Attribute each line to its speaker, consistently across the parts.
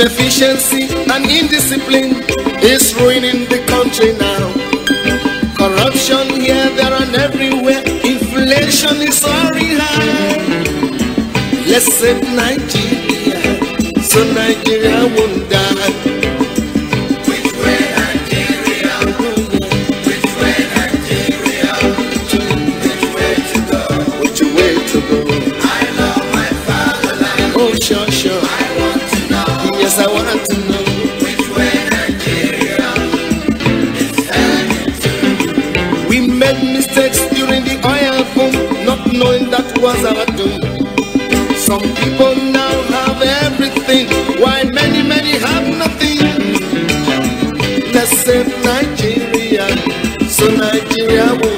Speaker 1: Inefficiency and indiscipline is ruining the country now. Corruption here, there, and everywhere. Inflation is very high. Let's save Nigeria so Nigeria won't die. sex during the oil boom, not knowing that was our doom. Some people now have everything, while many, many have nothing. Let's save Nigeria, so Nigeria will.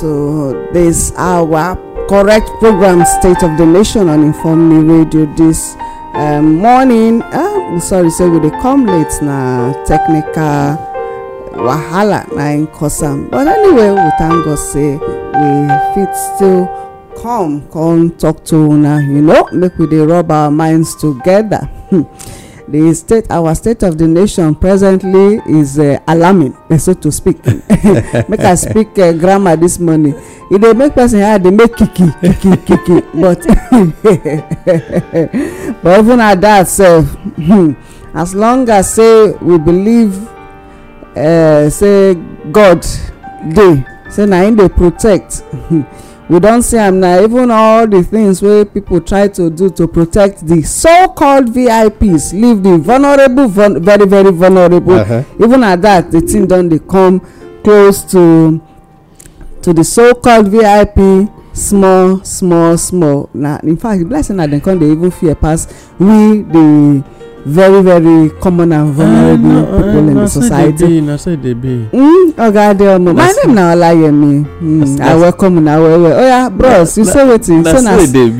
Speaker 2: to this our correct program state of the nation on inform me radio this um, morning uh, sorry say we dey come late na technical wahala na in cause am but anyway we thank god say we fit still come come talk to una you know make we dey rub our minds together. the state our state of the nation presently is uh, alarming so to speak
Speaker 3: make i speak
Speaker 2: uh, grammar this morning e dey make person hear dey make kiki kiki kiki but but even at that sef hmm, as long as say we believe uh, say god dey say na him dey protect. Hmm, we don see am na even all the things wey people try to do to protect the so called vips leave the vulnerable very very vulnerable uh-huh. even at that, the thing don dey come close to to the so called vip small small small na in fact the blessing na dem come dey even fear pass we the very very common and vulnerable uh, people uh, in the society.
Speaker 3: na so e dey be.
Speaker 2: oga hmm, adeomo my name na olayemi mm, i welcome una well well oya bros you say wetin so na e na so e dey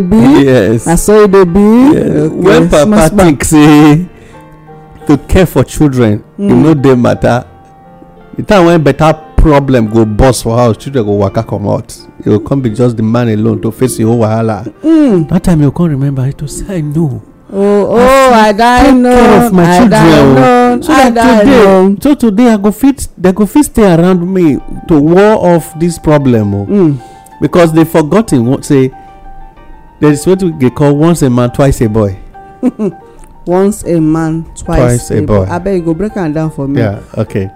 Speaker 2: be yes
Speaker 3: na so e dey be. yes okay. when papa think say to care for children mm. e hmm. no dey matter the time when better problem go burst for house children go waka comot e go come be just the man alone to face your whole wahala. Mm. that time you go come remember to say no oh oh i die known i die known oh. so i die known. so today i go fit they go fit stay around me to war off this problem o. Oh. Mm. because they forgotten say there is what they call once a man twice a boy.
Speaker 2: once a man twice, twice a, a boy. boy. abeg you go break am down for me. yeah
Speaker 3: okay.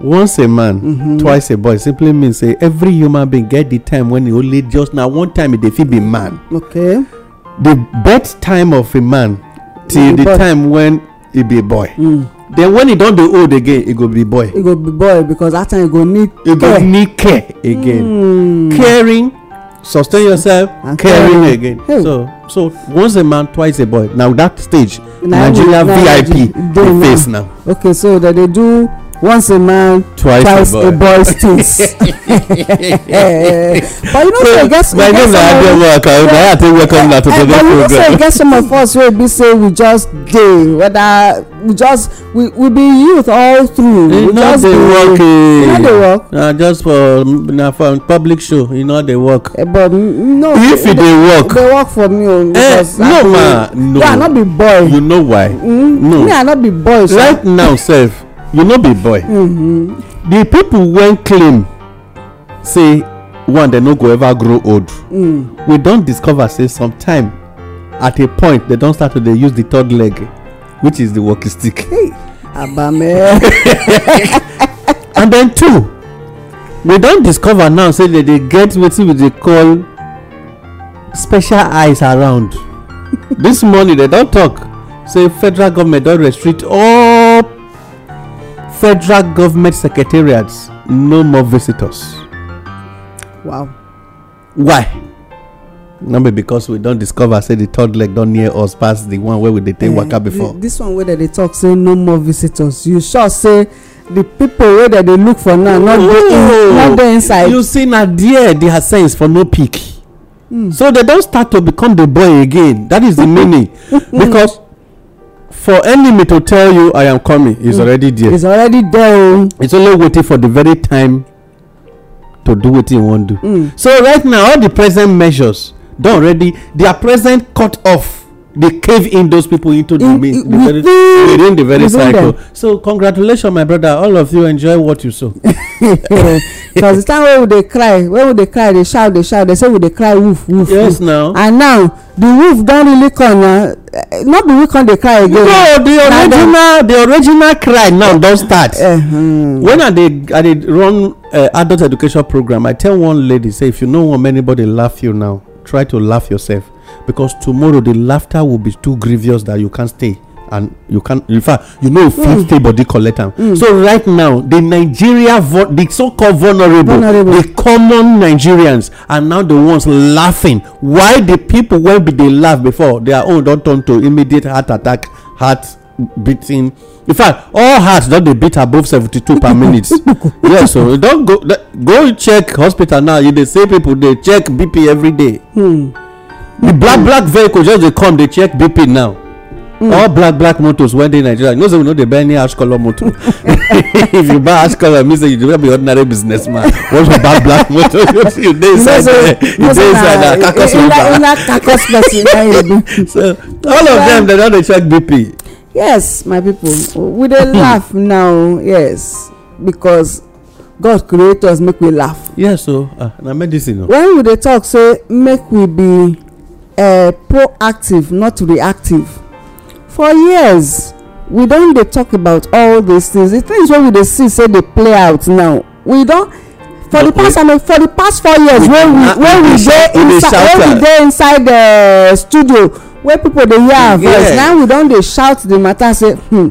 Speaker 3: once a man mm-hmm. twice a boy simply means say every human being get the time when e only just na one time e dey fit be man. okay the birth time of a man till the time when e be boy mm. then when e don dey old again e go be boy e
Speaker 2: go be boy because that time
Speaker 3: e go need care e go need care again mm. caring sustain yourself caring again so so once a man twice a boy na that stage nigeria vip dey face now
Speaker 2: okay so dem dey do once a man twice, twice a boy stinks but you know say e get some my name na adeomo akawo na i take welcome na to today program but you know say e get some of us wey be say we just dey whether we just we we be youth all through we just dey work e no dey work
Speaker 3: na just for na for public show e no dey work but no if e dey work dey work for me o oh, eh, because no ma no yeah i no be boy you know why mm,
Speaker 2: no me i no be boy right now
Speaker 3: sef you no be boy
Speaker 2: mm-hmm.
Speaker 3: the people wey claim say one dem no go ever grow old mm. we don discover say sometime at a point dem don start to dey use the third leg which is the walking stick abame and then two we don discover now say dem dey get wetin we dey call special eyes around this morning dem don talk say federal government don restrict all federal government secretariats no more visitors. wow. why. no because we don discover say the third leg don near us pass the one wey we dey take eh, waka before. this
Speaker 2: one wey dem dey talk say no more visitors you sure say the people wey dem dey look for now
Speaker 3: no dey inside. you see na there the ascents for no peak. Mm. so they don start to become the boy again that is the meaning hmm. because for enemy to tell you i am coming is mm. already there is already there oh. it's only waiting for the very time to do what you want do mm. so right now all the present measures don already they are present cut off they cave in those people into the in, mean, the within, very, within the very within cycle. Them. So congratulations, my brother. All of you enjoy what you sow.
Speaker 2: Because the time when would they cry? When would they cry? They shout, they shout. They say, "Would they cry? Woof, woof." Yes, woof. now. And now the wolf don't really come na uh, eh, not be we come dey cry again. no the original
Speaker 3: the original cry now don't start. Uh eh, -huh. Hmm. when i did i dey run uh, adult education program i tell one lady say if you no want anybody laugh you now try to laugh yourself because tomorrow the laughter will be too grievous that you can't stay and you can in fact you know fit mm. stay body collect am. Mm. so right now the nigeria the so-called vulnerable, vulnerable the common nigerians are now the ones laughing why the people wey be dey laugh before their own don turn to immediate heart attack heart beating in fact all hearts don dey beat above seventy-two per minute yes so don go go check hospital now you dey say people dey check bp every day. Mm the black mm. black vehicle just dey come dey check bp now mm. all black black motors, wey dey nigeria you know say we no dey buy any ash colour motor if you buy ash colour mean say you dey be ordinary businessman once you buy black motor you dey inside there you dey inside na carcass river so all of them, dem don dey check bp.
Speaker 2: yes my people we dey hmm. laugh now yes because
Speaker 3: god create us make we laugh yes so o ah, na medicine o
Speaker 2: when we dey talk say make we be uh, proactive not reactive for years we don dey talk about all these things the things wey we dey see say dey play out now we don for the past i mean for the past four years wey we wey we dey inside wey we dey inside the studio wey people dey hear our voice now we don dey shout the matter say hmm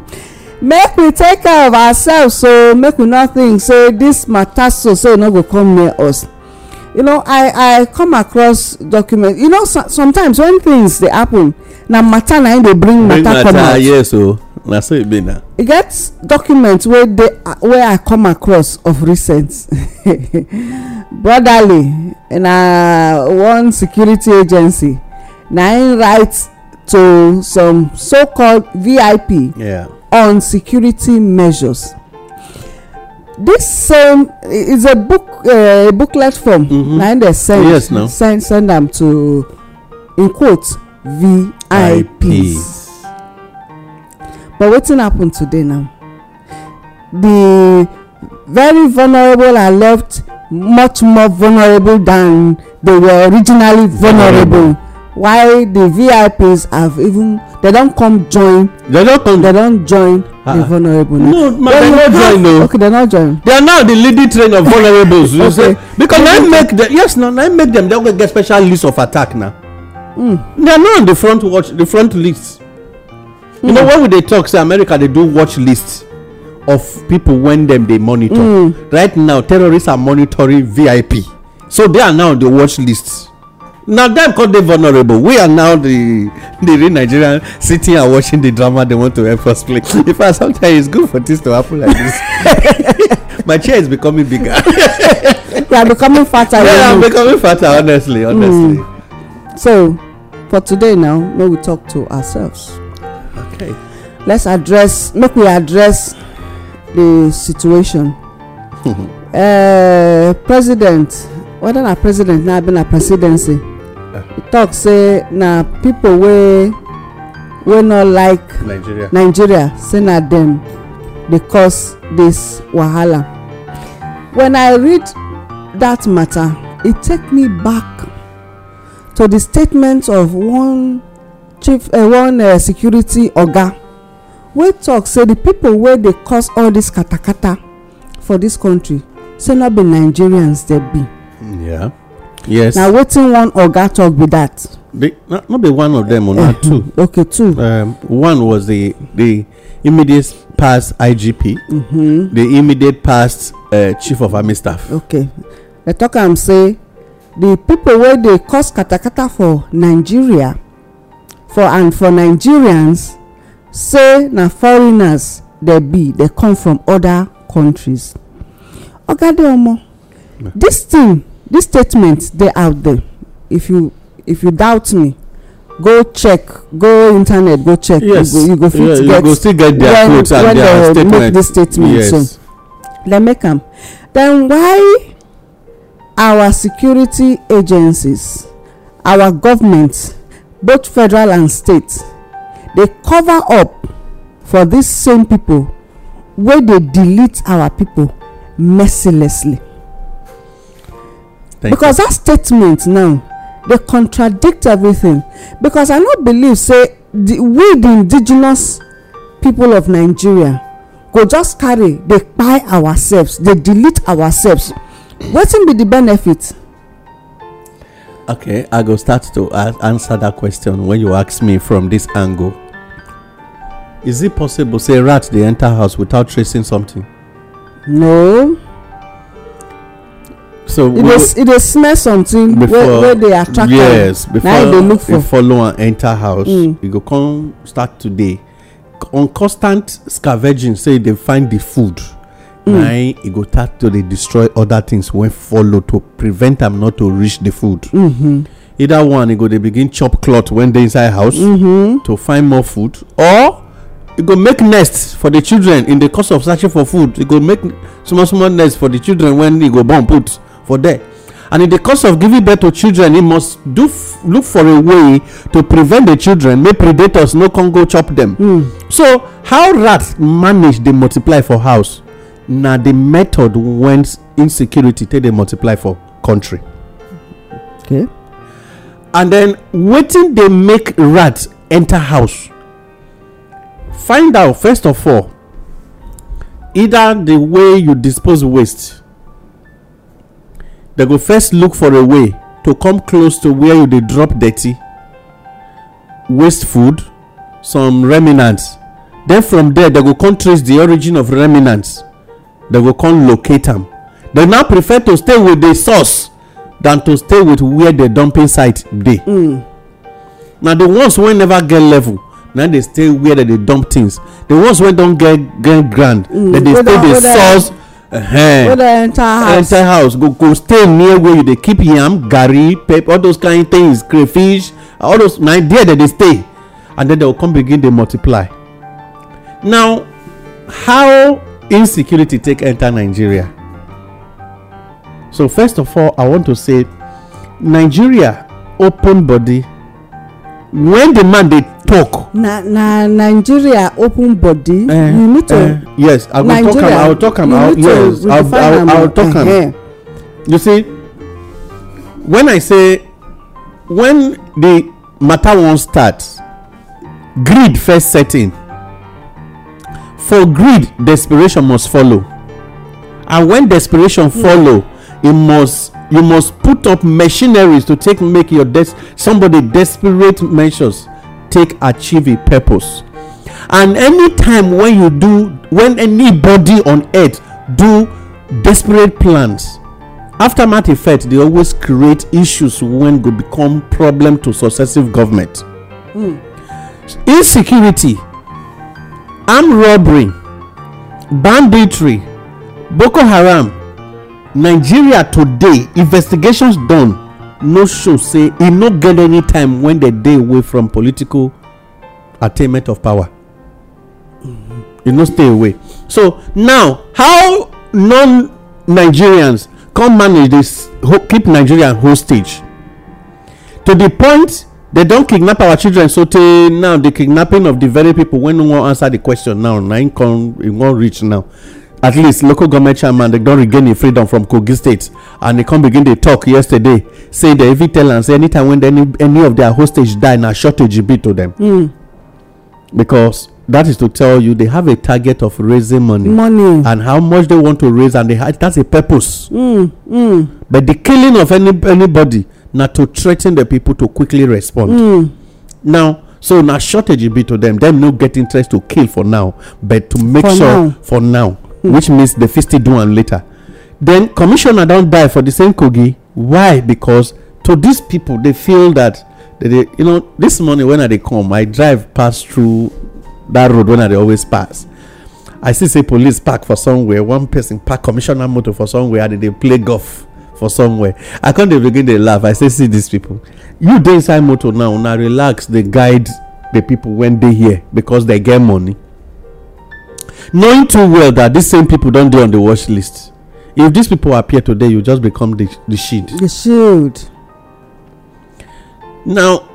Speaker 2: make we take care of ourselves so make we no think say this matter so so e no go come near us you know i i come across document you know sometimes when things dey happen na matter na im dey bring matter come out yes
Speaker 3: o oh, na so e be na.
Speaker 2: e get document wey dey wey i come across of recent brotherly na one security agency na im write to some so called vip yeah. on security measures this same is a book uh, booklet form na im dey send yes, no. send send am to in quote vips but wetin happen today now the very vulnerable are left much more vulnerable than they were originally vulnerable Why the vips have even they don come join they don come they don join the ah. vulnerables. no ma they no join o okay they're no joining.
Speaker 3: they are now the leading train of vulnerables you okay. say because I make them yes no, I make them They're going to get special list of attack now. Mm. they are not on the front watch the front list. Mm. you know hmm. when we dey talk say america they do watch lists of people when them they monitor. Mm. right now terrorists are monitoring vip so they are now on the watch lists na dem come dey vulnerable we are now the the real nigerian sitting and watching the drama they want to help us play in fact sometimes it's good for things to happen like this my chair is becoming bigger
Speaker 2: you are becoming fatter yeah i'm becoming
Speaker 3: fatter honestly hmm. honestly
Speaker 2: mm. so for today now may we talk to ourselves okay let's address make we address the situation uh, president whether na president na been na presidency Eh. talk say na pipo wey wey no like nigeria nigeria say na dem dey cause dis wahala when i read dat matter e take me back to di statement of one chief eh, one eh, security oga wey tok say di pipo wey dey cause all dis katakata for dis country say no be nigerians dem be
Speaker 3: Yeah yes na
Speaker 2: wetin one oga talk be
Speaker 3: that. the no be one of them or not eh, two. Hmm, okay two. Um, one was the the immediate past igp. Mm -hmm. the immediate past uh, chief of army staff.
Speaker 2: okay dem talk am say the people wey dey cause katakata for nigeria for and for nigerians say na foreigners dey be dey come from other countries oga de omo, this thing This statement dey out there if you if you doubt me go check go internet go check yes you go fit get when when dem make dis statement so dem make am then why our security agencies our government both federal and state dey cover up for these same people wey dey delete our people mercilessly Thank because you. that statement now they contradict everything because i no believe say the we the indigenous people of nigeria go just carry dey kpai ourselves dey delete ourselves wetin be the benefit.
Speaker 3: okay i go start to answer that question when you ask me from this angle is it possible say rat dey enter house without tracing something.
Speaker 2: no so e dey smell something wey dey attract yes before e
Speaker 3: follow am enter house e go come start to dey on constant scavenging say e dey find the food mm. na e go start to dey destroy other things wey follow to prevent am not to reach the food mm-hmm. either one e go dey begin chop cloth when dey inside house mm-hmm. to find more food or e go make nest for the children in the course of searching for food e go make small small nest for the children when e go born put for there and in the course of giving birth to children he must do look for a way to prevent the children May predators no come go chop dem hmm. so how rats manage dey multiply for house Now, the method when insecurity take they multiply for country okay and then waiting they make rats enter house find out first of all either the way you dispose waste dem go first look for a way to come close to where you dey drop dirty waste food some remnants then from there dem go come trace the origin of remnants dem go come locate am dem now prefer to stay with the source than to stay with where the dumping site dey mm. na the ones wey never get level na dey stay where dem dey dump things the ones wey don get get ground mm. dem dey stay the source Uh-huh. go there
Speaker 2: enter house
Speaker 3: enter house go go stay near where you dey keep yam garri pepper all those kind things crayfish all those na there dem dey stay and then dem come begin dey multiply now how insecurity take enter nigeria so first of all i want to say nigeria open body when the man dey pork. na na nigeria open
Speaker 2: body uh, you need to. Uh, yes i go talk am i will talk am out yes i will i will talk am
Speaker 3: you see when i say when the matter wan start greed first set in for greed desperation must follow and when desperation mm. follow it must you must put up machineries to take make your des somebody desperate measures take achieve a purpose and anytime when you do when anybody on earth do desperate plans aftermath effect dey always create issues when go become problem to successive government mm. insecurity armed robbery banditry boko haram nigeria today investigations done no show say e no get any time when they dey away from political attainment of power mm-hmm. e no stay away so now how non nigerians come manage this keep nigeria hostage to the point they don kidnap our children sotey now the kidnapping of the very people wey no wan answer the question now na im e wan reach now at least local government chairman dem don regain im freedom from kogi state and e come begin dey talk yesterday say dem even tell am say anytime when any any of their hostage die na shortage e be to dem hmm. because that is to tell you they have a target of raising money money and how much they want to raise and they that's a purpose mm, mm. but the killing of any anybody now to threaten the people to quickly respond mm. now so now shortage be to them them no get interest to kill for now but to make for sure now. for now which means the fifty still do am later then commissioner don die for the same kogi why because to these people they feel that they, they you know this morning when i dey come i drive pass through that road when i dey always pass i see say police park for somewhere one person park commissioner motor for somewhere and they dey play golf for somewhere i come dey begin dey laugh i say see these people you dey inside motor now una relax dey guide the people when dey here because they get money knowing too well that these same people don't do on the watch list if these people appear today you just become the the shield. the shield. now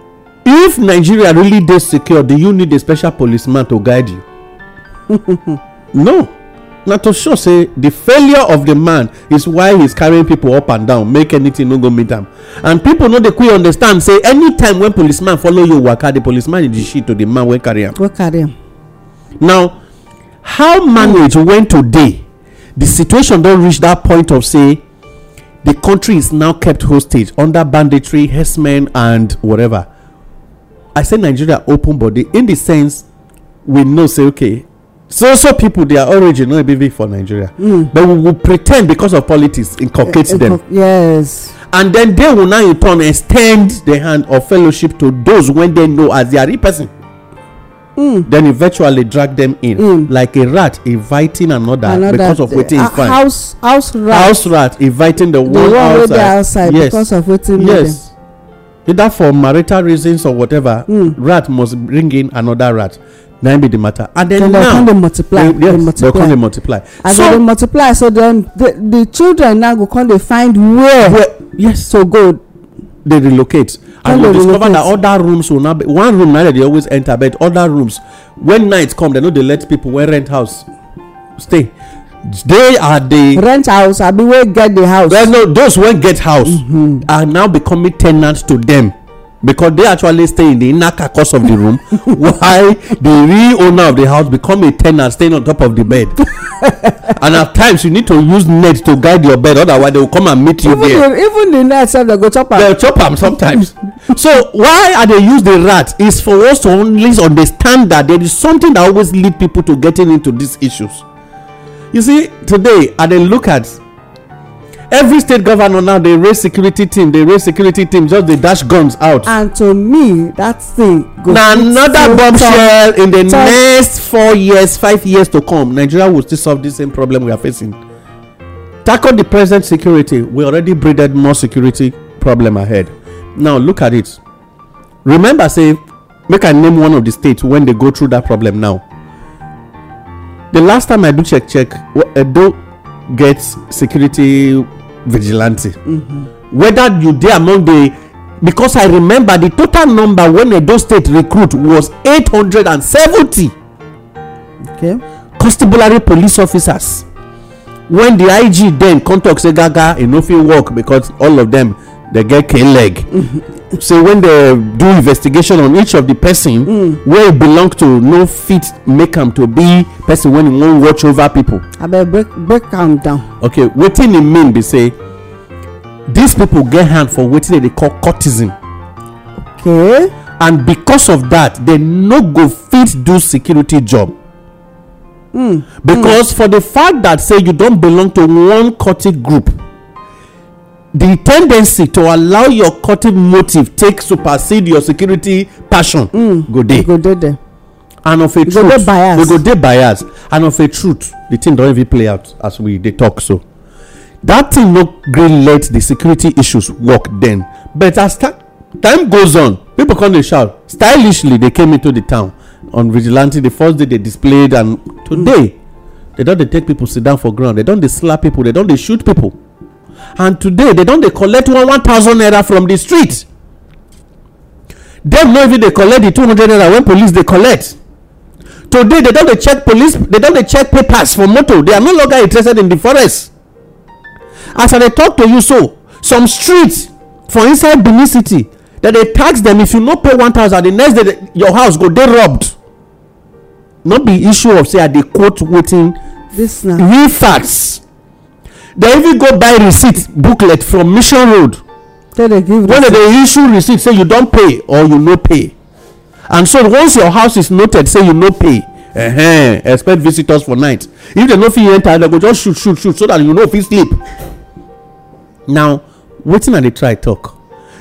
Speaker 3: if nigeria really dey secure do you need a special policeman to guide you. no Now to show say the failure of the man is why he's carrying people up and down make anytin no go meet am and people no the queer understand say anytime when policeman follow you waka the policeman the shit to the man wey carry am now how manage when today the situation don reach that point of say the country is now kept hostage under banditry herdsmen and whatever i say nigeria open body in the sense we know say okay so so people their origin no be big for nigeria hmm. but we will pretend because of politics inculcate eh, them.
Speaker 2: yes
Speaker 3: and then they will now in turn extend the hand of fellowship to those wey dem know as their real person mm. then eventually drag them in mm. like a rat inviting another, another because of wetin he find
Speaker 2: house house rat house
Speaker 3: rat inviting the, the one outside the one outside yes. because of wetin yes either for marital reasons or whatever mm. rat must bring in another rat na be the matter and then so now they come dey multiply they, yes, they multiply they come dey multiply as so, they dey
Speaker 2: multiply so then the the children now go come dey find where
Speaker 3: where yes to so go they relocate and we discover that other rooms will not be one room na dey always enter but other rooms when night come dem no dey let people wey rent house stay they are the rent house abi wey get the house well no those wey get house mm-hmm. are now becoming ten ants to them because they actually stay in the inner carcass of the room while the real owner of the house become a tenant staying on top of the bed and at times you need to use net to guide your bed otherwise they will come and meet you even there the, even the net sef dey go chop am dey chop am sometimes so why i dey use the rat is for us to only understand that there is something that always lead people to getting into these issues you see today i dey look at every state governor now dey raise security team dey raise security team just dey dash guns out and to me that thing go na anoda bombshell in di next four years five years to come nigeria will still solve the same problem we are facing tackle the present security we already breeded more security problem ahead now look at it remember say make i name one of the states wen dey go through that problem now the last time i do check check edo get security vigilante mm-hmm. whether you dey among the because i remember the total number when edo state recruit was eight hundred and seventy. okay constabulary police officers when the ig then come talk say gaga e no fit work because all of them dey get cane leg mm-hmm say when they do investigation on each of the person mm. where e belong to no fit make am to be person when he wan watch over pipo abeg break break am down okay wetin e mean be say dis pipo get hand for wetin dem dey call courtism okay. and because of that, dem no go fit do security job mm. because mm. for the fact that say you don belong to one cultic group the tendency to allow your cutting motive take supersede your security passion mm. go dey go dey there and of a truth we go dey bias and of a truth the thing don even play out as we dey talk so that thing no gree let the security issues work then but as time goes on people come dey shout stylishly they came into the town on vigilante the first day they displayed and today they don dey take people sit down for ground they don dey slap people they don dey shoot people and today they don't. They collect one one thousand naira from the street dem no even dey collect the two hundred naira when police dey collect today they don dey check police they don dey check papers for motor they are no longer interested in the forest as i dey talk to you so some streets for inside benin city dem dey tax dem if you no pay one thousand the next day your house go dey robbed no be issue of say i dey quote wetin real facts dem even go buy receipt booklet from mission road when dem dey issue receipt say you don pay or you no pay and so once your house is noted say you no pay uh-huh, expect visitors for night if dem no fit enter dem go just shoot shoot shoot so that you no fit sleep now wetin i dey try talk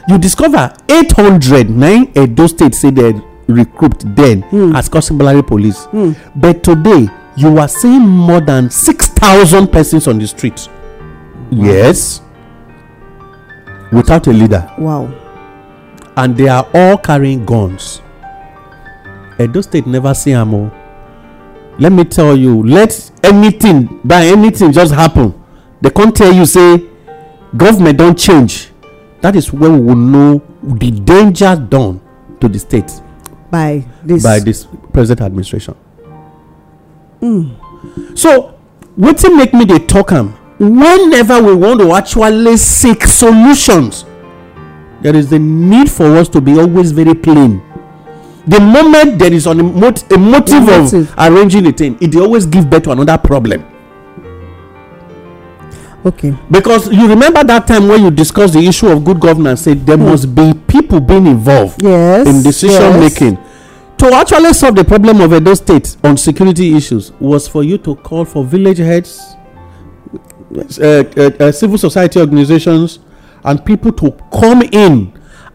Speaker 3: you discover 800 nine edo state say dem recruit then hmm. as constabulary police hmm. but today you are seeing more than 6000 persons on the street Yes. Without a leader. Wow. And they are all carrying guns. Edo State never see am o. Let me tell you, let anything by anything just happen. They can't tell you say government don change. That is when we will know the danger done to the state. By this by this present administration. Mm. So wetin make me dey talk am whenever we want to actually seek solutions, there is the need for us to be always very plain. The moment there is a, mot- a motive of arranging a thing, it always give birth to another problem. Okay. Because you remember that time when you discussed the issue of good governance, said there hmm. must be people being involved
Speaker 2: yes, in decision yes. making.
Speaker 3: To actually solve the problem of Edo State on security issues was for you to call for village heads, Uh, uh, uh, civil society organizations and people to come in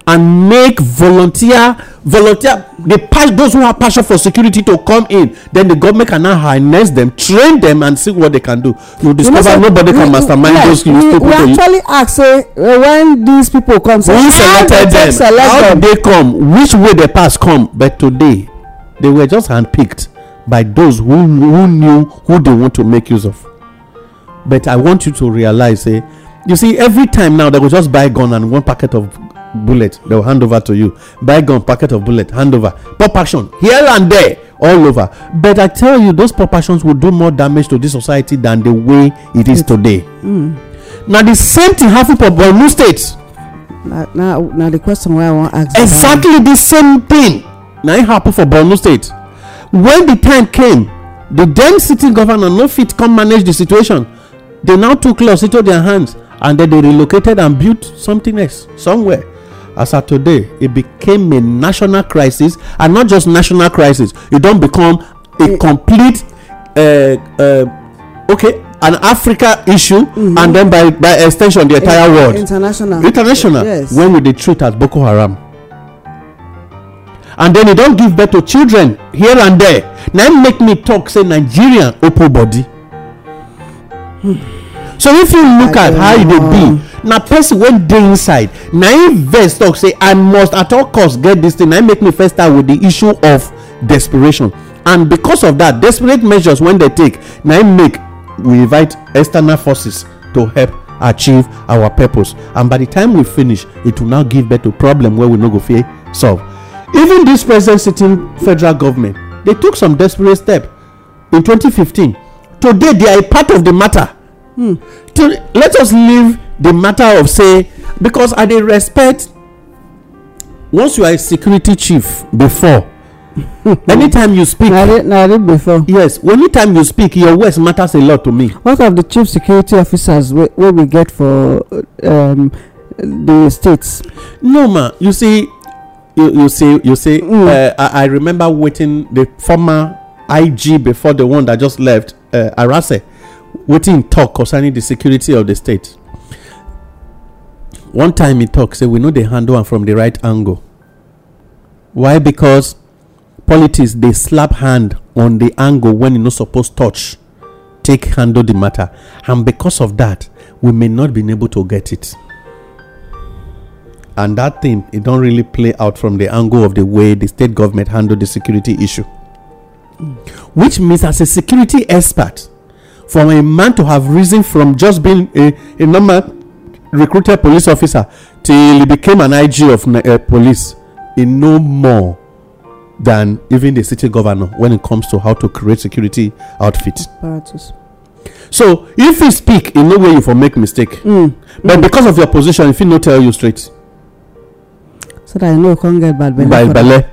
Speaker 3: and make volunteer volunteer the pass those who have passion for security to come in then the government can now harness them train them and see what they can do you discover you know, nobody we, can mastermind yes, those people we actually
Speaker 2: ask say uh, when these people come say who selected them select how them? they
Speaker 3: come which way they pass come but today they were just handpicked by those who who knew who they want to make use of but i want you to realize say eh, you see every time now they will just buy gun and one packet of bullet they will hand over to you buy gun packet of bullet hand over pop action here and there all over but i tell you those pop actions will do more damage to this society than the way it is today mm. now
Speaker 2: the same thing happen for borno state now, now, now the question wey i wan ask exactly
Speaker 3: the same thing na it happen for borno state when the time came the then sitting governor no fit come manage the situation they now took laws into their hands and then they relocated and built something else somewhere as at today it became a national crisis and not just national crisis it don become a mm. complete uh, uh, okay an africa issue mm-hmm. and then by by extension the entire world
Speaker 2: international international yes. when
Speaker 3: we dey treat as boko haram and then e don give birth to children here and there na make me talk say nigeria open body so if you look at how e dey be na person wey dey inside na im vex talk say i must at all cost get this thing na im make me first start with the issue of desperation and because of that, desperate measures wey dem take na im make we invite external forces to help achieve our purpose and by the time we finish it will now give birth to problem wey we no go fit solve even this present sitting federal government dey took some desperate step in 2015 today they are a part of the matter hmm. to let us leave the matter of say because i dey respect once you are a security chief before anytime you speak na i read before yes anytime you speak your words matters a lot to me what of the chief security officers wey we get for um, the states no ma you see you you see you see hmm. uh, i remember wetin the former ig before the one that just left Uh, arase waiting talk concerning the security of the state one time he talked, say we know they handle am from the right angle why Because politics they slap hand on the angle when you no supposed touch take handle the matter and because of that, we may not be able to get it and that thing it don't really play out from the angle of the way the state government handle the security issue which means, as a security expert, for a man to have risen from just being a, a normal recruited police officer till he became an IG of uh, police, he know more than even the city governor when it comes to how to create security outfits.
Speaker 2: Apparatus.
Speaker 3: So if you speak, in no way you for make mistake. Mm. mm. But mm. because of your position, if he no tell you straight.
Speaker 2: So that you know you can't get
Speaker 3: bad belly. Bad belly.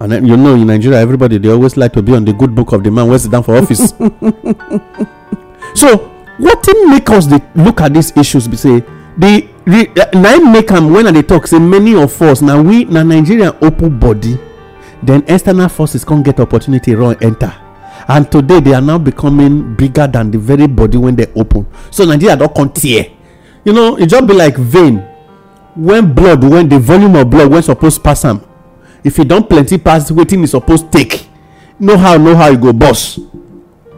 Speaker 3: and um, you know in nigeria everybody they always like to be on the good book of the man wey sit down for office so wetin make us dey look at these issues be say the uh, na im make am when i dey talk say many of us na we na nigeria open body then external forces come get opportunity run enter and today they are now becoming bigger than the very body when they open so nigeria don come tear you know e just be like vein when blood when the volume of blood wey suppose pass am if you don plenty pass wetin e suppose take No how no how e go burst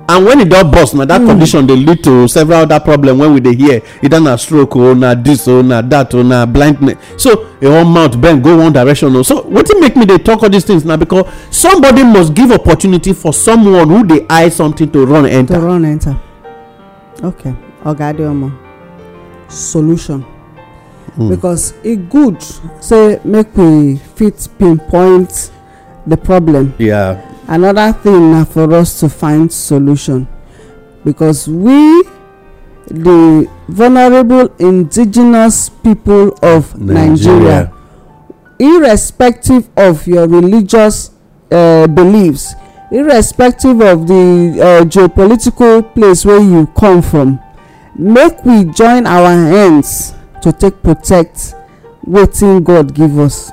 Speaker 3: and when e don burst na dat condition dey lead to several other problem when we dey hear either na stroke o oh, na this o oh, na that o oh, na blindness so e wan mouth bend go one direction o so wetin make me dey talk all these things na because somebody must give opportunity for someone who dey eye something to run enter. to run enter
Speaker 2: okay oga adeomo solution Mm. because it good say make we fit pinpoint the problem yeah another thing na for us to find solution because we the vulnerable indigenous people of nigeria irrespective of your religious uh, beliefs irrespective of the uh, geopolitical place where you come from make we join our hands to take protect wetin god give us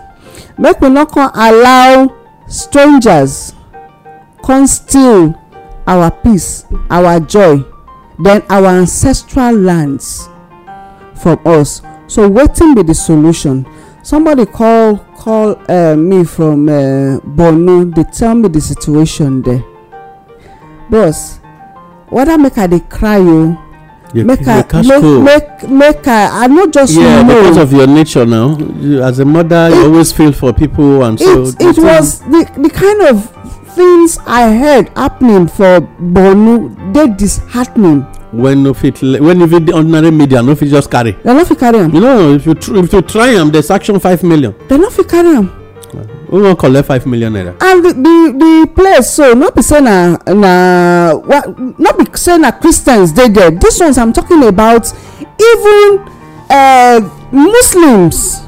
Speaker 2: make we no come allow strangers come steal our peace our joy then our ancestral lands from us so wetin be the solution somebody call call uh, me from uh, borno dey tell me the situation there boss whether make i dey cry o make i make make i i no just know yeah because of
Speaker 3: your nature now as a mother you always feel for people and so it it was
Speaker 2: the the kind of things i heard happening for borno
Speaker 3: dey disheartening when no fit when even the ordinary media no fit just carry They no fit carry am you know if you if you try am there's action five million They no fit carry am we wan collect five million naira
Speaker 2: and the the place so no be say na na no be say na christians dey there This ones i'm talking about even eh, muslims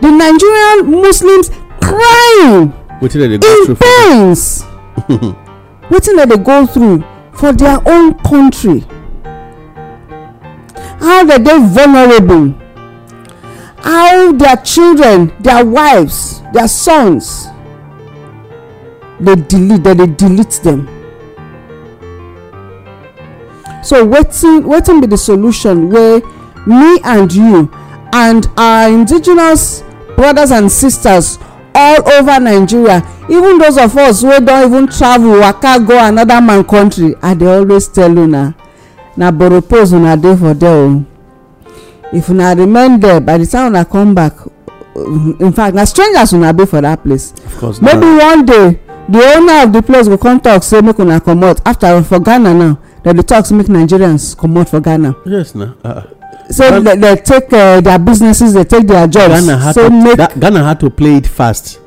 Speaker 2: the nigerian muslims crying
Speaker 3: go through? in
Speaker 2: pains wetin dem dey go through for their own country how dem dey vulnerable how their children their wives their sons dey delete dem dey delete dem so wetin wetin be the solution wey me and you and our indigenous brothers and sisters all over nigeria even those of us wey don even travel waka go another man country i dey always tell una na boropos una dey for there o if una remain there by the time una come back in fact na strangers una be for that place maybe one day the owner of the place go come talk say make una comot after for ghana now dem dey talk say make nigerians comot for ghana
Speaker 3: yes na ah, ah.
Speaker 2: so they take uh, their businesses they take their jobs so make
Speaker 3: ghana had to play it fast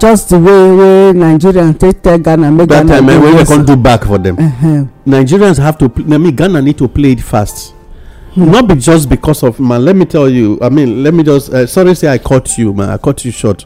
Speaker 2: just the way wey nigerians take tell ghana make ghana do that time eh, wey we come do
Speaker 3: back for dem uh-huh. nigerians have to i mean ghana need to play it fast not be just because of man let me tell you i mean let me just uh, sorry say i caught you man i caught you short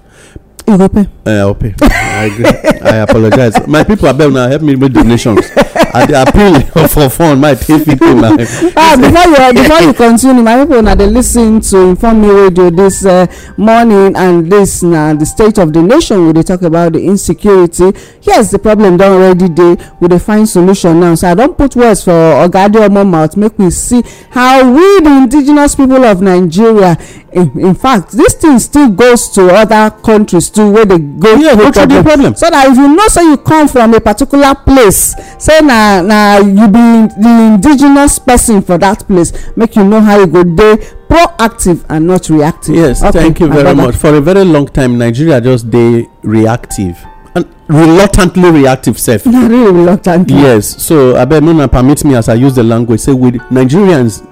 Speaker 3: European. Uh, eh, European. I agree. I apologize. My people are abeg now. help me with donations. I dey appeal for fund. My pay my.
Speaker 2: ah before you uh, before you continue my people now they listen to inform me radio this uh, morning and this now uh, the state of the nation we they talk about the insecurity yes the problem done already dey we dey find solution now so i don't put words for oga adeomo mouth make me see how we the indigenous people of nigeria in fact this thing still goes to other countries too where they go through problem so that if you know say you come from a particular place say na na you be the indigenous person for that place make you know how you go dey proactive and not reactive yes thank you very much
Speaker 3: for a very long time nigeria just dey reactive and reluctantly reactive sef really reluctantly yes so abeg no na permit me as i use the language say we nigerians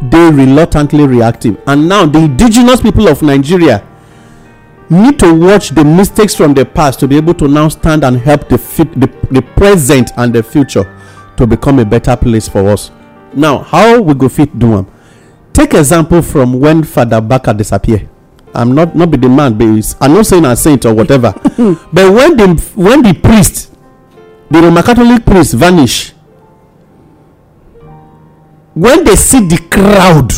Speaker 3: they reluctantly reactive and now the indigenous people of nigeria need to watch the mistakes from the past to be able to now stand and help the, the, the present and the future to become a better place for us now how we go fit do am take example from when father baka disappear i'm not not be the man but i'm not saying na saint or whatever but when the when the priest the roman catholic priest vanish when they see the crowd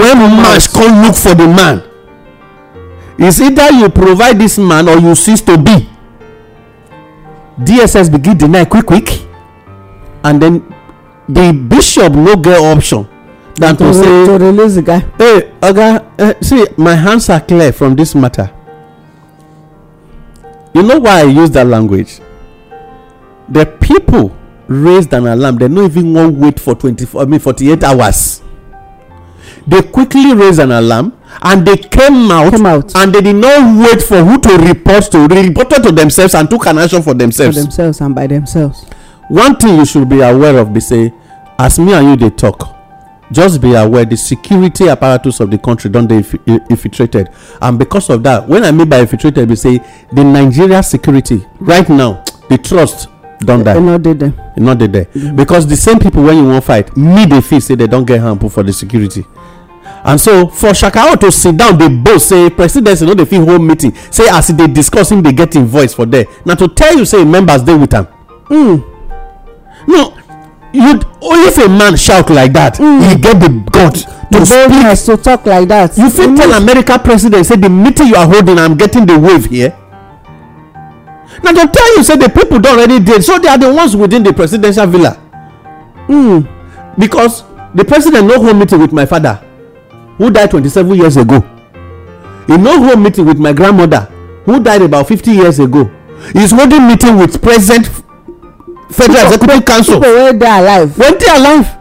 Speaker 3: when man come look for the man is either you provide this man or you cease to be dss begin deny quick quick and then the bishop no get option than to, to say to release the guy hey oga uh, see my hands are clear from this matter you know why i use that language the people raised an alarm They no even wan wait for twenty four, i mean forty eight hours they quickly raised an alarm and they came out, came out and they did not wait for who to report to they reported to themselves and took an action for themselves for themselves and by themselves one thing you should be aware of be say as me and you dey talk just be aware the security apparatus of the country don dey infiltrated and because of that when i mean by infiltrated be say the nigeria security right now the trust don die e no dey there e no dey there mm-hmm. because the same people wey you wan fight me dey feel say they don get hand put for the security and so for shakao to sit down dey boast say presidency no dey fit hold meeting say as e dey discuss him dey get him voice for there na to tell you say members dey with am mm. no you only if a man shout like that mm. he get the god to the speak to talk like that you fit mm. tell america president say the meeting you are holding i'm getting the wave here Now they tell you say the people don already dey so they are the ones within the presidential villa mm. because the president no home meeting with my father who died 27 years ago he no home meeting with my grandmother who died about 50 years ago he is holding meeting with present federal people, executive council people wey dey alive When they alive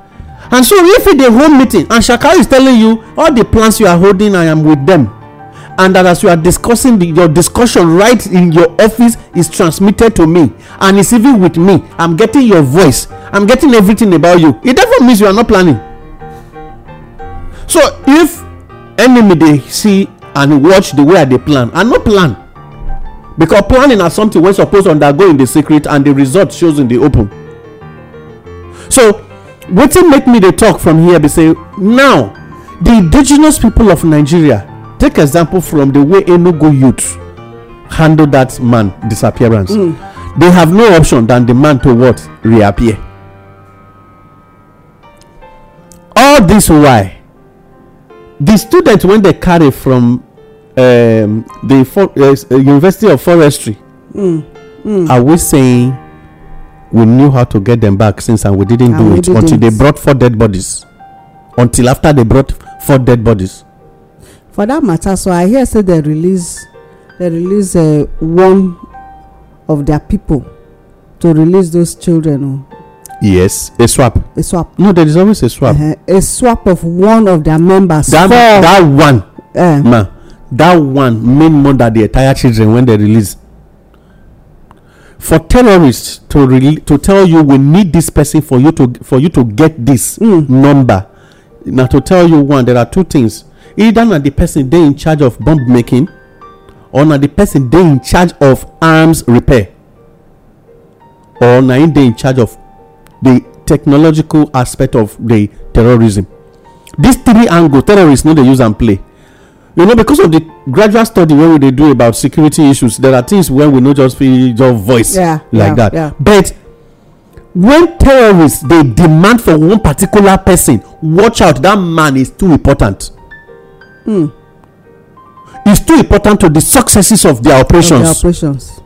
Speaker 3: and so if e dey home meeting and shakari is telling you all the plans you are holding i am with them and that as you are discussing the, your discussion right in your office is transmitted to me and it's even with me i'm getting your voice i'm getting everything about you it therefore means you are not planning so if enemy dey see and watch the way they plan and no plan because planning is something we're supposed to undergo in the secret and the result shows in the open so wetin make me the talk from here be say now the indigenous people of nigeria take example from the way enugu youth handle that man disappearance mm. they have no option than the man to what reappear all this why the students when they carry from um, the for, uh, university of forestry
Speaker 2: mm. Mm. are we
Speaker 3: saying we knew how to get them back since and we didn't and do we it didn't. until they brought four dead bodies until after they brought four dead bodies
Speaker 2: for that matter so i hear say they release they release uh, one of their people to release those children o.
Speaker 3: Oh. yes a swap. a swap. no there is always a swap. Uh, a swap of one of their members. that four that one. Uh, ma that one mean more than the entire children when they release. for terrorists to re- to tell you we need this person for you to for you to get this mm. number na to tell you one there are two things either na the person dey in charge of bomb making or na the person dey in charge of arms repair or na him dey in charge of the technological aspect of the terrorism This three angle terrorists no dey use am play you know because of the graduate study wey we dey do about security issues there are things wey we no just fit just voice like that but when terrorists dey demand for one particular person watch out that man is too important Mm. It's too important to the successes of their operations. Of their operations.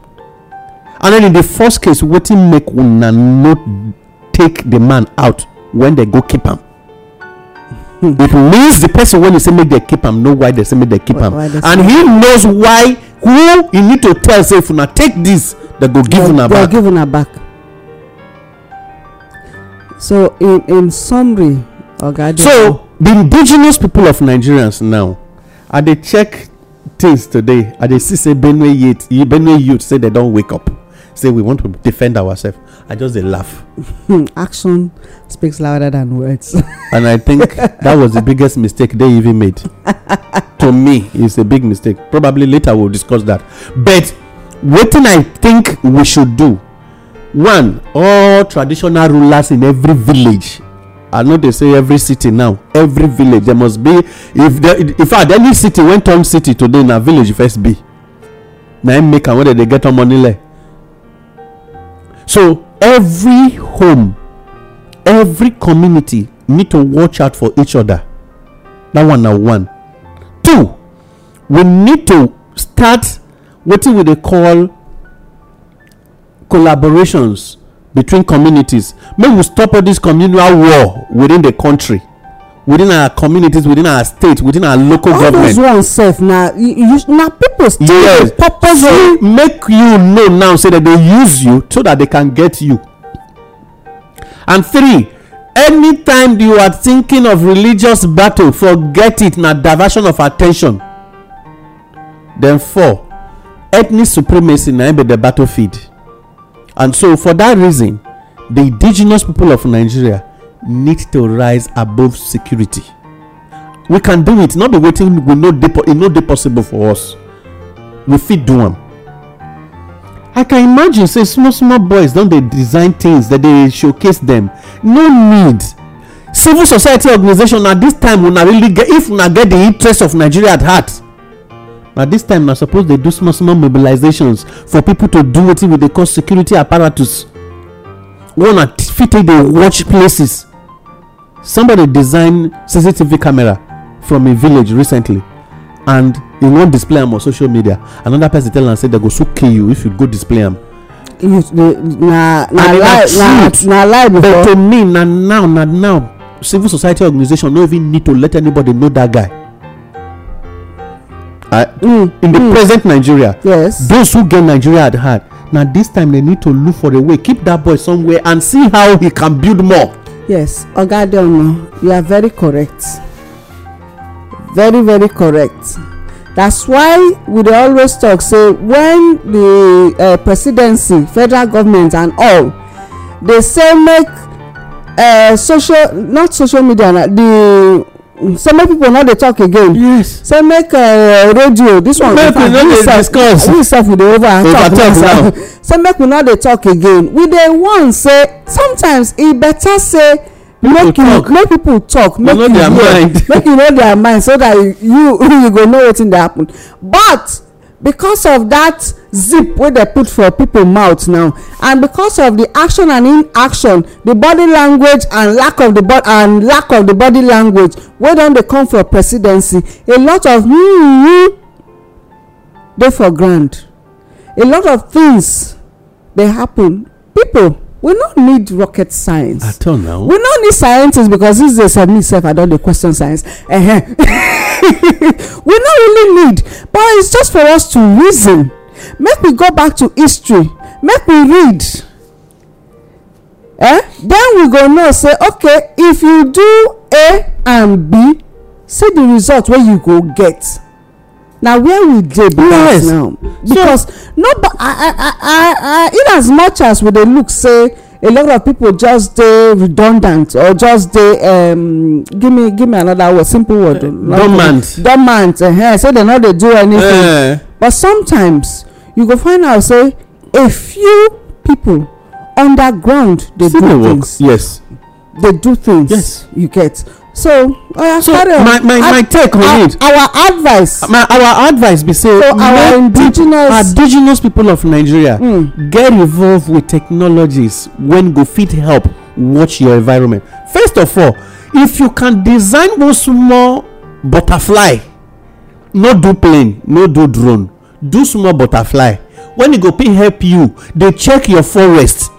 Speaker 3: And then in the first case, wetin make una no take the man out when they go keep am. Hmm. it means the person wey dey say make they keep am know why they say make they keep am and he knows why who he need to tell say if una take this They go give una back. give una back.
Speaker 2: so in in summary oga so
Speaker 3: The indigenous people of nigerians now i dey check things today i dey see say benue youth Benue youth say they don wake up say we want to defend ourselves i just dey laugh
Speaker 2: hmm, action speaks louder than words
Speaker 3: and i think that was the biggest mistake they even made to me it's a big mistake probably later we'll discuss that but wetin i think we should do one all traditional rulers in every village i no dey say every city now every village there must be if there in fact any city wey turn city today na village first be na im make am wey dem dey get money onile so every home every community need to watch out for each other that one na one two we need to start wetin we dey call collaborations between communities make we stop all this communal war within the country within our communities within our state within our local all government. all
Speaker 2: those ones sef na you na
Speaker 3: people still yes. purposely. so make you know now say dem dey use you so that they can get you. and three anytime you are thinking of religious battle forget it na diversion of attention. then four ethnic supremacy na be the battlefield. And so, for that reason, the indigenous people of Nigeria need to rise above security. We can do it, not be waiting, we know it no dey possible for us. We fit do am. I can imagine say small small boys don dey design things that dey showcase them. No need. Civil society organization at this time una really get if una get the interest of Nigeria at heart na this time na suppose dey do small small mobilizations for people to do wetin we dey call security apparatus One una fit take dey watch places somebody design cctv camera from a village recently and e wan display am on social media another person tell am say dem go so kill you if you go display am na lie before but to me na now na now civil society organisation no even need to let anybody know dat guy uh, mm, in the mm. present nigeria yes those who get nigeria at heart now this time they need to look for a way keep that boy somewhere and see how he can build more
Speaker 2: yes Oga ogadono you are very correct very very correct that's why we dey always talk say when the uh, presidency federal government and all dey say make uh, social not social media na the so many people no dey talk again yes say make uh, radio this one make we no dey discuss we sef we dey over talk now say make we no dey talk again we dey warn say sometimes e better say make you make people talk make you know make you know their mind so that you you go know wetin dey happen but because of that zip wey dem put for people mouth now and because of the action and inaction the body language and lack of the body language wey don dey come for presidency a lot of hmmm dey for ground a lot of things dey happen People, we no need rocket science at all now we no need scientists because this dey said me sef i don dey question science uh -huh. we no really need but it's just for us to reason make we go back to history make we read eh then we go know say okay if you do a and b see the result wey you go get na where we dey be right now because no but in as much as we dey look say a lot of people just dey redundant or just dey um, give me give me another word simple word eh, dormant dormant uh eh, -huh, eh, say dem no dey do anything but sometimes you go find out say a few people underground dey do things yes dey do things yes you get so oya carry on so my my my take on
Speaker 3: it our advice uh, our advice be say make indigenous indigenous people of nigeria hmm. get involved with technologies when go fit help watch your environment first of all if you can design one small butterfly no do plane no do drone do small butterfly when e go pay help you dey check your forest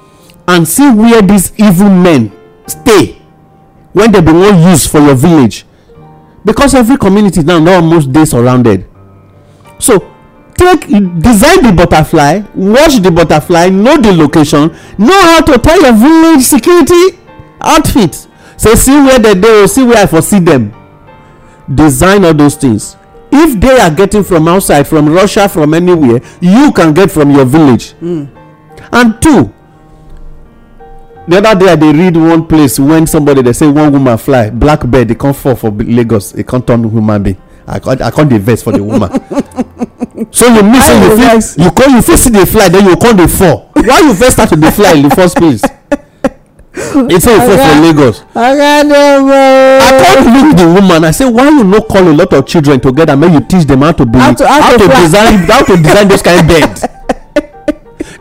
Speaker 3: and see where these evil men stay when dem bin wan use for your village because every community now don almost dey surrounded so take design the butterfly watch the butterfly know the location know how to tell your village security outfit say see where dem dey o oh, see where i for see dem design all those things if they are getting from outside from russia from anywhere you can get from your village mm. and two the other day i dey read one place when somebody dey say one woman fly black bird dey come fall for lagos e come turn human being i come dey vex for the woman so you mean say you fit you fit see the fly then you come dey fall why you first start to dey fly in the first place Ife Ife from Lagos. I can't look the woman. I say, why you no call a lot of children together? Make you teach them how to be, how to, how how to, to design, how to design those kind of beds.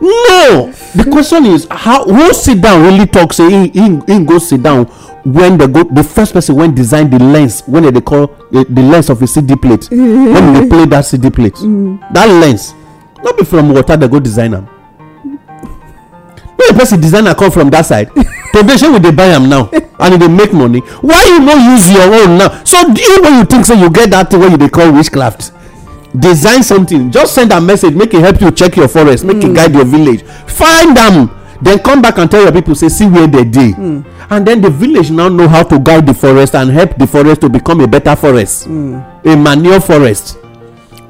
Speaker 3: no, the question is, how who sit down really talk? Say, in, in, in go sit down when they go. The first person when design the lens, when they, they call the, eh, the lens of a CD plate, when they play that CD plate, mm. that lens, not be from water they go design them make person designer come from that side provision will dey buy am now and e dey make money why you no use your own now so you when you think say you get that thing wey you dey call witchcraft design something just send am message make e help you check your forest make e mm. guide your village find am then come back and tell your people say see where they dey mm. and then the village now know how to guide the forest and help the forest to become a better forest mm. a manure forest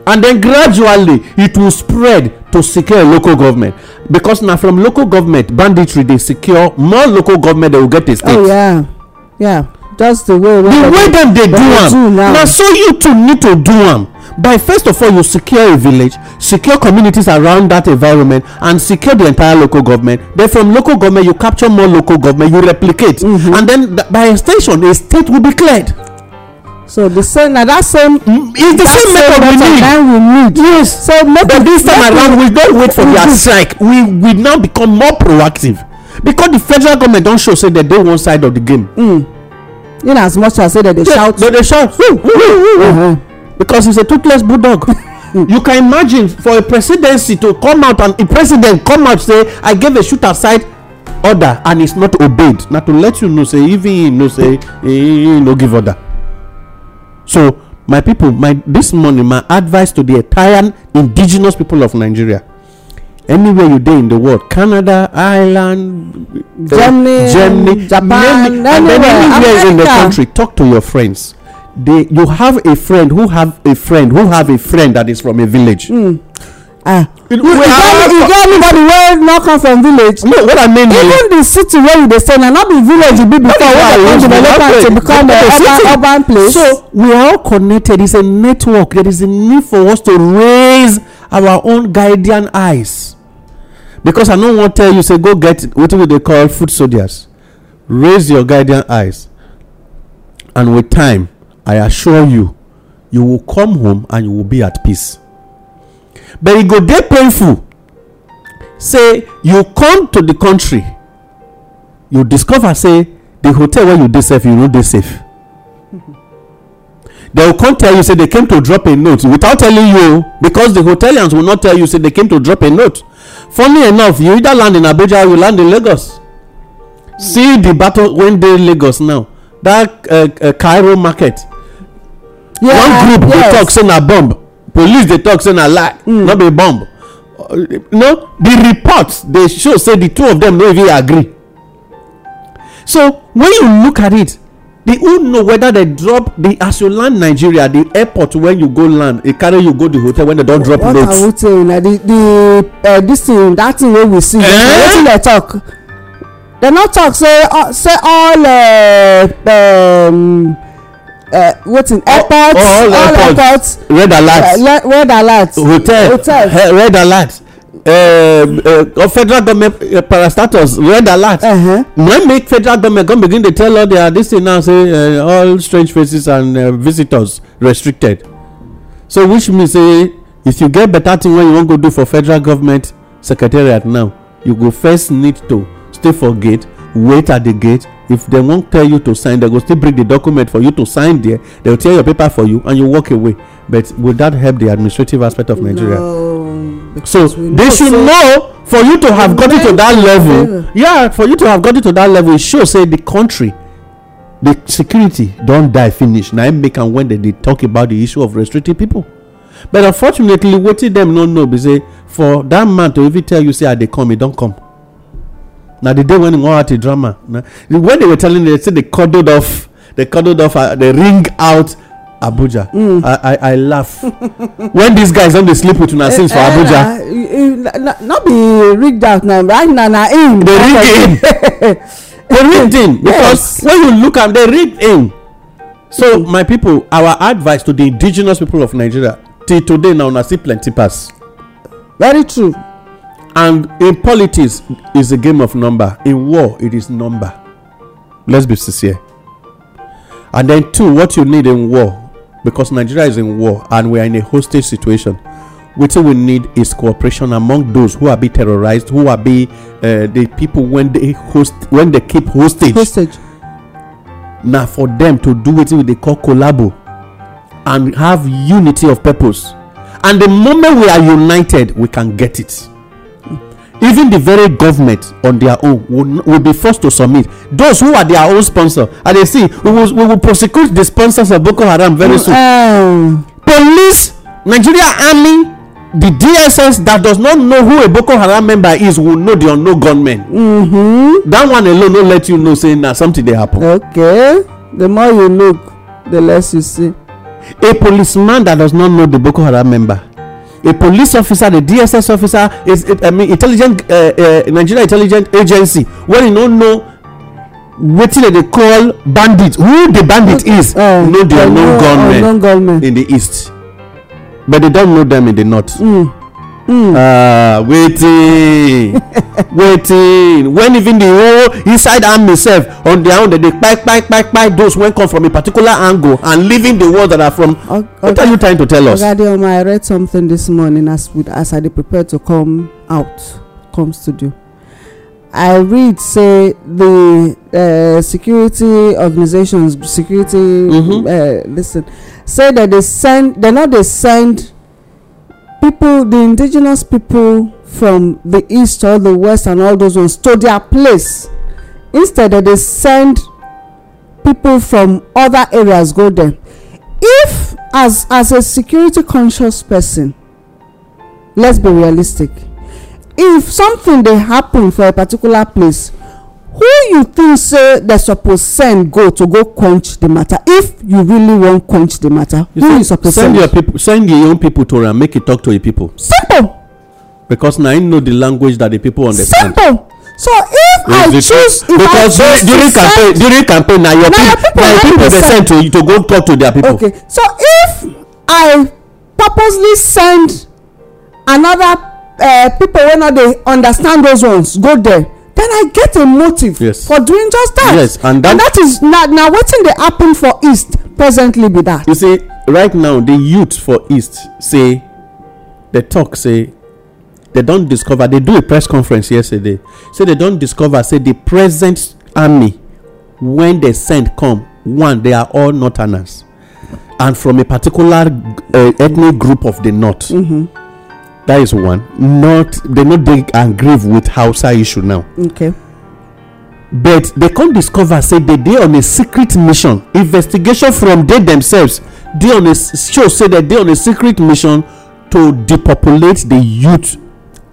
Speaker 3: and then gradually it will spread to secure local government because now from local government banditry they secure more local government they will get a oh, state.
Speaker 2: Oh, yeah. Yeah. That's the way. The way them they do am. Now,
Speaker 3: so you too need to do am. By first of all, you secure a village, secure communities around that environment, and secure the entire local government. Then from local government, you capture more local government, you replicate, mm-hmm. and then th- by extension, a state will be cleared so the same na that same. Mm, is the same method we need that we need. yes so make but this time around we don wait for their strike we we now become more proactive because the federal government don show say they dey one side of the game. Mm.
Speaker 2: in as much as say dem
Speaker 3: dey shout. dem dey shout woo woo woo. Uh -huh. because he's a toothless bulldog. you can imagine for a presidency to come out and a president come out say i gave a shoot aside order and it's not obeyed na to let you know say even he know say he no give order so my people my this morning my advice to the entire indigenous people of nigeria anywhere you dey in the world canada ireland germany germany japan and then anywhere in the country talk to your friends they you have a friend who have a friend who have a friend that is from a village hmm ah
Speaker 2: is there
Speaker 3: anybody wey no come from village no what i mean
Speaker 2: is even the city wey you dey stay na not be village e be before wey dem develop am to become urban urban
Speaker 3: place so we are all connected it's a network there is a need for us to raise our own guardian eyes because i no wan tell you say go get wetin we dey call food soldiers raise your guardian eyes and with time i assure you you will come home and you will be at peace but e go dey painful say you come to the country you discover say the hotel where you dey safe you no dey safe dem come tell you say they came to drop a note without telling you oh, because the hotelians will not tell you say they came to drop a note funny enough you either land in abuja or you land in lagos see the battle wey dey lagos now that uh, uh, cairo market one group dey talk say na bomb police dey talk say na lie hmm. no be bomb uh, no the report dey show say the two of them no even agree so when you look at it di who know whether they drop the as you land nigeria the airport when you go land e carry you go the hotel when they don drop note what i
Speaker 2: would say na this thing that thing wey we see eh? wetin dem talk They no talk say uh, say all uh, um, uh, wetin airport all, all, all airport,
Speaker 3: airport red alert uh, red alert hotel, hotel. Uh, red alert uh, uh, federal government uh, parastatus red alert uh -huh. when make federal government come begin dey tell all their this thing now say uh, all strange faces and uh, visitors restricted so which mean say if you get better thing wey you wan go do for federal government secretariat now you go first need to stay for gate wait at the gate if dem wan tell you to sign dem go still bring the document for you to sign there dem tear your paper for you and you walk away but will that help the administrative aspect of nigeria no, so
Speaker 2: they should so know for you to have got it to that level
Speaker 3: yeah for you to have got it to that level e show say the country the security don die finish na im make am when dem dey talk about the issue of restricting people but unfortunately wetin dem no know be say for that man to even tell you say i ah, dey come he don come Now the day when we had a drama, now, when they were telling, they said they cuddled off, they cuddled off, uh, they ring out Abuja. Mm. I, I I laugh when these guys don't they sleep with una eh, since for eh,
Speaker 2: Abuja. Not be rigged out now, right now now in. They
Speaker 3: rig in. They rigged in because yes. when you look am they rigged in. So mm. my people our advice to the indigenous people of Nigeria till today now una see plenty pass. Very true. And in politics, it's a game of number. In war, it is number. Let's be sincere. And then, two, what you need in war, because Nigeria is in war and we are in a hostage situation, what we need is cooperation among those who are being terrorized, who are being uh, the people when they host, when they keep hostage. Hostage. Now, for them to do with they call collabo and have unity of purpose. And the moment we are united, we can get it. even the very government on their own will, will be forced to submit those who are their own sponsor and they see we will, we will prosecute the sponsors of boko haram very mm, soon um, police nigeria army the dss that does not know who a boko haram member is will know the unknown gunmen
Speaker 2: mm-hmm.
Speaker 3: that one alone no let you know say na something dey happen. okay the more you look the less you see. a policeman that does not know the boko haram member a police officer the dss officer is it, i mean intelligent uh, uh, nigeria intelligence agency when you no know wetin dem dey call bandit who the bandit is uh, oh, no the oh, oh, unknown gunmen in the east but they don know them in the north. Mm. Mm. Ah, waiting, waiting. when even the whole inside arm itself on their own they dey kpai kpai kpai kpai those wey come from a particular angle and leaving the world that are from okay. what are you trying to tell us. oga
Speaker 2: adeoma i read something this morning as with as i dey prepare to come out come studio i read say the uh, security organizations security mm -hmm. uh, listen say that they send they no dey send people the indigenous people from the east or the west and all those ones to their place instead they send people from other areas go there if as as a security conscious person let's be realistic if something they happen for a particular place who you think say they suppose send go to go quench the matter if you really wan quench the matter who you suppose send your
Speaker 3: people send your young people to am make e talk to your people simple because na im know the language that the people understand
Speaker 2: simple so if i choose if i choose to send during
Speaker 3: campaign na your people dey send to to go talk to their people. okay
Speaker 2: so if i purposely send another uh, people wey no dey understand those ones go there then i get
Speaker 3: a motive yes for doing just that yes and that, and that is na na wetin dey happen for east presently be that. you see right now the youth for east say they talk say they don discover they do a press conference yesterday say they don discover say the present army when they send come one they are all northerners and from a particular uh, ethnic group of the north. Mm-hmm. That is one. Not they not dig and grave with Hausa issue now. Okay. But they can't discover say they they on a secret mission. Investigation from they themselves. They on a show say they they on a secret mission to depopulate the youth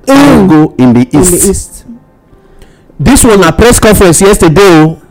Speaker 3: mm. go in the east. In the east. This one a press conference yesterday. Oh.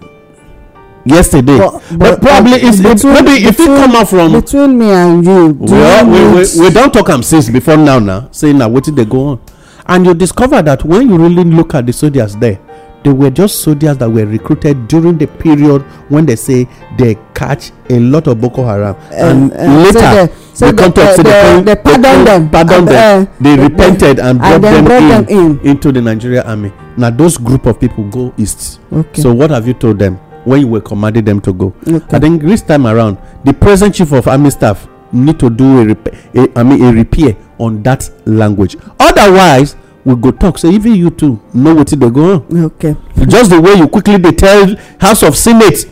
Speaker 3: yesterday but, but, but probably it's, between, maybe if between, it come out from between me and you well we, we, we, don't talk am since before now now saying now what did they go on and you discover that when you really look at the soldiers there they were just soldiers that were recruited during the period when they say they catch a lot of Boko Haram, um, and, and, um, later so they, so they, come to say they, they, they pardon them, pardon them, uh, they repented and brought, and them, brought in, them, in, into the Nigeria army. Now those group of people go east. Okay. So what have you told them? when you were commanding them to go. Okay. I think this time around, the present chief of army staff need to do a, rep- I mean a repair on that language. Otherwise, we go talk So even you too know what they go on. Okay. Just the way you quickly they tell House of Senate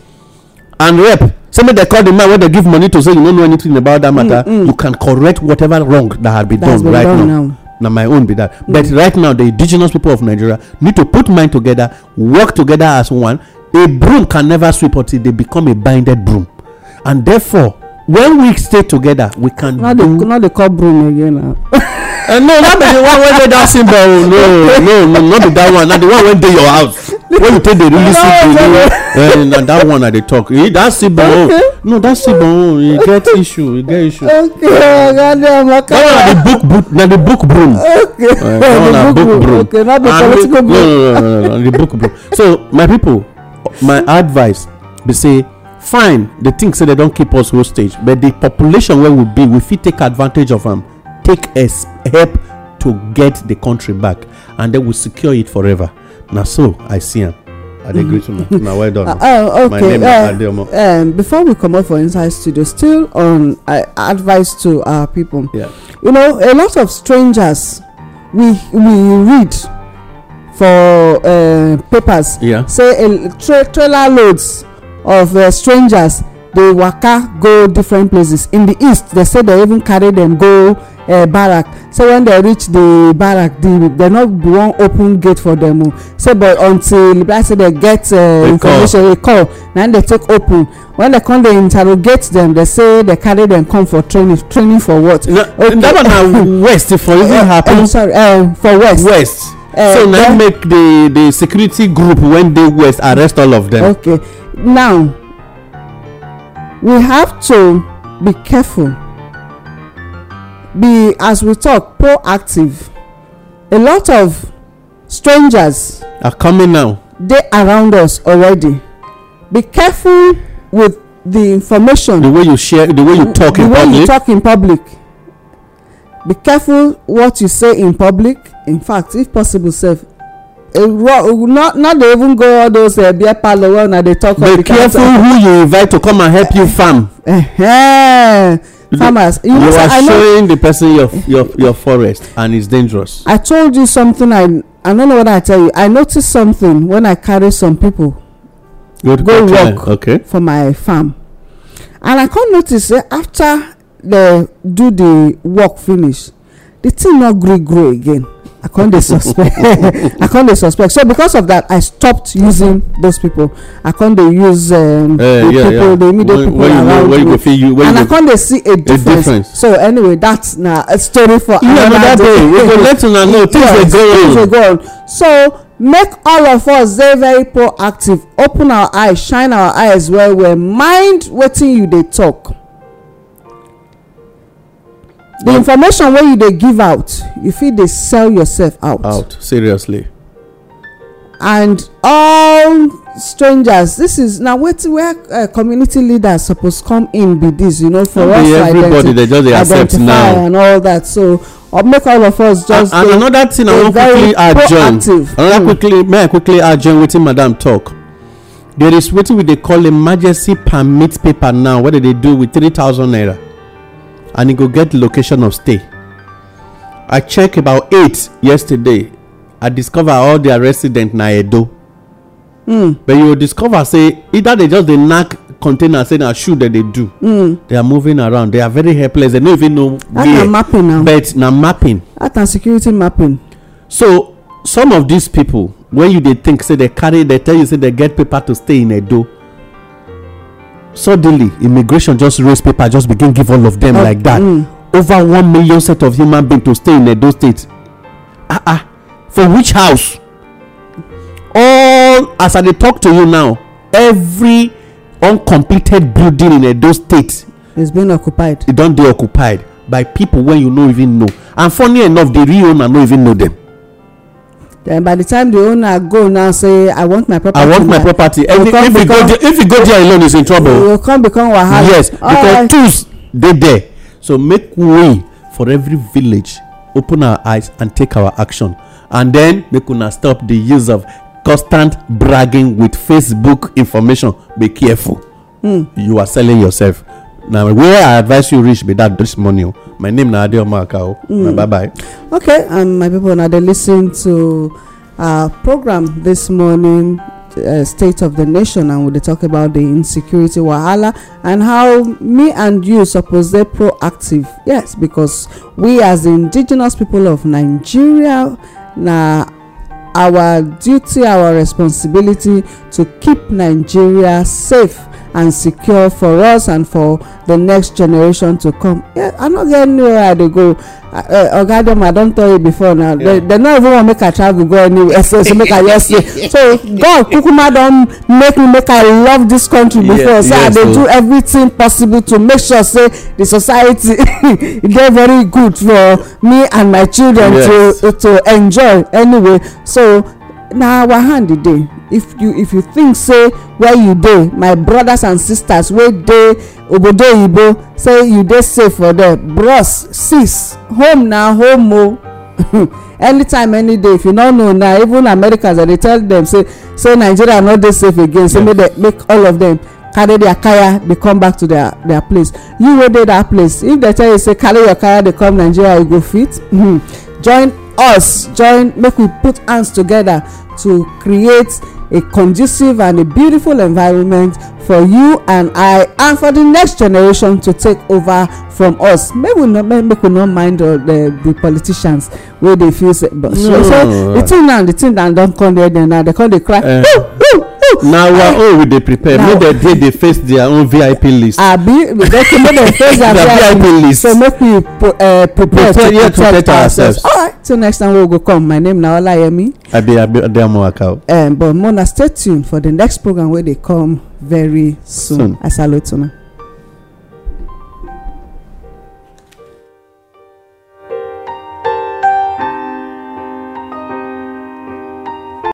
Speaker 3: and Rep Somebody they call the man wey they give money to say you don't know anything about that matter mm, mm. you can correct whatever wrong that had been done right done now. now. my own be that mm. but right now the indigenous people of nigeria need to put mind together work together as one a broom can never sweep until they become a binded broom and therefore when we stay together we can now they, now they call broom again now uh, eh, no not be the one wey dey that symbol o no no no not be that one na the one wey dey your house wey you take dey really see to know na that one i dey talk e that symbol o no that symbol o e get issue e get issue. okay oh, gade amaka na the book book na the book broom okay uh, that one na book broom okay na be political broom no no no no the book broom so my people my advice be say fine The thing, say they don keep us hostage but the population where we be we fit take advantage of am take us help to get the country back and dem will secure it forever na so i see am i dey greet una na well done ah, oh, my name na uh, adeomo
Speaker 2: Um, before we come comot for inside studio still on advice to our people Yeah. you know a lot of strangers we we read for eh, papers yeah. say eh, a trailer loads of eh, strangers dey waka go different places in the east they say they even carry them go barrack say when they reach the barrack they no be one open gate for them. o say but until like say they get information a call na im dey take open when they come dey interrogate them. they say they carry them come for training training for what okay that one na west for even happen sorry
Speaker 3: for west west Eh, so na im make the the security group wey dey west arrest all of them.
Speaker 2: okay now we have to be careful be as we talk proactive a lot of strangers are coming now dey around us already be careful with the information the way you share the way you talk in public the way you talk in public be careful what you say in public in fact if possible sef not dey even go all those uh, beer parlour wey una dey talk be careful who
Speaker 3: you invite to come and help you farm.
Speaker 2: farmers you, know, you are showing
Speaker 3: the person your, your your forest and it's dangerous.
Speaker 2: i told you something i i no know what i tell you i notice something when i carry some people
Speaker 3: go work okay.
Speaker 2: for my farm and i come notice say eh, after They do the work finish the thing no gree grow again i con dey suspect i con dey suspect so because of that i stopped using those people i con dey use um, uh, yeah, people yeah. the immediate when, people when around you, me
Speaker 3: you, and you, i con dey see a difference. a difference
Speaker 2: so anyway that's na a story for yeah, another day you go let una know things yes, dey go on things dey go on so make all of us dey very proactive open our eyes shine our eyes well well mind wetin you dey talk the information wey you dey give out you fit dey sell yourself out out seriously and all strangers this is na wetin where eh, community leaders suppose come in
Speaker 3: be this you know for us to identify
Speaker 2: and all that so or uh, make all of
Speaker 3: us just dey and another thing i wan quickly add join another hmm. quickly may i quickly add join wetin madam talk there is wetin we dey call emergency permit paper now wey dem dey do with three thousand naira and e go get the location of stay i check about eight yesterday i discover all dia resident na edo hmm. but you discover say either they just dey knack container say na shoe dem dey do hmm. they are moving around they are very helpless they no even know where but na mapping that na security mapping so some of these people, when you dey think say they carry they tell you say they get paper to stay in edo suddenly immigration just raise paper just begin give all of them like that mm. over one million set of human being to stay in edo state ah ah for which house all as i dey talk to you now every uncompleted building in edo state is being occupied e don dey occupied by people wey you no even know and funny enough the real owner no even know them
Speaker 2: then by the time the owner go now say i want my property i want my property if, if, become, go there, if you go there alone is in trouble He you come become wahala yes because
Speaker 3: tools dey there so make way for every village open our eyes and take our action and then make una stop the use of constant bragging with facebook information be careful mm. you are selling yourself na where i advise you reach be that this morning o oh. My name is Adio Makao. Mm. Bye bye.
Speaker 2: Okay, and my people now they listen to our program this morning. Uh, state of the nation and we talk about the insecurity wahala and how me and you suppose they're proactive yes because we as the indigenous people of nigeria now our duty our responsibility to keep nigeria safe and secure for us and for the next generation to come yeah, i no get anywhere i dey go eh, oga dem i don tell you before now yeah. they no even wan make i travel go anywhere so make i just stay so god kukuma don make me make i love this country before yeah, so yes, i dey so. do everything possible to make sure say the society e dey very good for me and my children yes. to to enjoy anyway so na our hand e dey if you if you think say where you dey my brothers and sisters wey dey obodo oyibo say you dey safe for there bros sis home na home o anytime any day if you no know na even americans i dey tell dem say say nigeria no dey safe again say make dem make all of dem carry their kaya dey come back to their their place you wey dey that place if dem tell you say carry your kaya dey come nigeria you go fit join us join make we put hands together to create a conducive and a beautiful environment for you and i and for the next generation to take over from us may we not make we not mind all the the politicians
Speaker 3: where they feel say but so so the thing
Speaker 2: now the thing that don't come there then now they come they cry eh.
Speaker 3: na our own we dey prepare make they dey dey face their own vip list. I be abi okay make them face their vip list so make we uh, prepare to protect ourselves. all
Speaker 2: right till next time we go come my name na olayemi.
Speaker 3: abi abi adeomo akau. Um,
Speaker 2: eh, but mona stay tuned for the next program where they come. very soon. soon. Asalotuna.